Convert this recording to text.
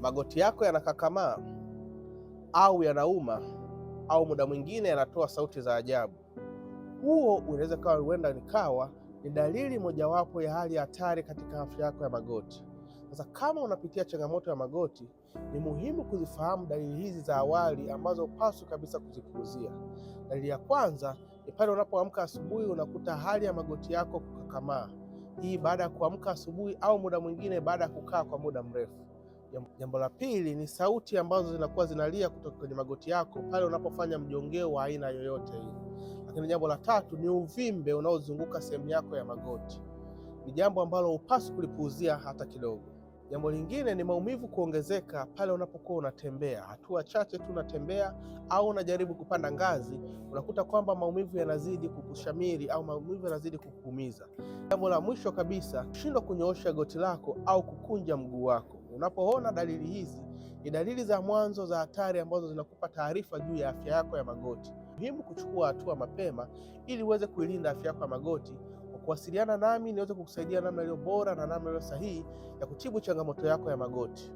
magoti yako yanakakamaa au yanauma au muda mwingine yanatoa sauti za ajabu, huo unaweza kawa huenda nikawa ni dalili mojawapo ya hali ya hatari katika afya yako ya magoti. Sasa kama unapitia changamoto ya magoti, ni muhimu kuzifahamu dalili hizi za awali ambazo upaswi kabisa kuzipuuzia. Dalili ya kwanza ni pale unapoamka asubuhi unakuta hali ya magoti yako kukakamaa. Hii baada ya kuamka asubuhi au muda mwingine baada ya kukaa kwa muda mrefu. Jambo la pili ni sauti ambazo zinakuwa zinalia kutoka kwenye magoti yako pale unapofanya mjongeo wa aina yoyote hii. Lakini jambo la tatu ni uvimbe unaozunguka sehemu yako ya magoti. Ni jambo ambalo hupaswi kulipuuzia hata kidogo. Jambo lingine ni maumivu kuongezeka pale unapokuwa unatembea, hatua chache tu unatembea au unajaribu kupanda ngazi, unakuta kwamba maumivu yanazidi kukushamiri au maumivu yanazidi kukuumiza. Jambo la mwisho kabisa, kushindwa kunyoosha goti lako au kukunja mguu wako. Unapoona dalili hizi, ni dalili za mwanzo za hatari ambazo zinakupa taarifa juu ya afya yako ya magoti. Muhimu kuchukua hatua mapema ili uweze kuilinda afya yako ya magoti kuwasiliana nami niweze kukusaidia namna iliyo bora na namna iliyo sahihi ya kutibu changamoto yako ya magoti.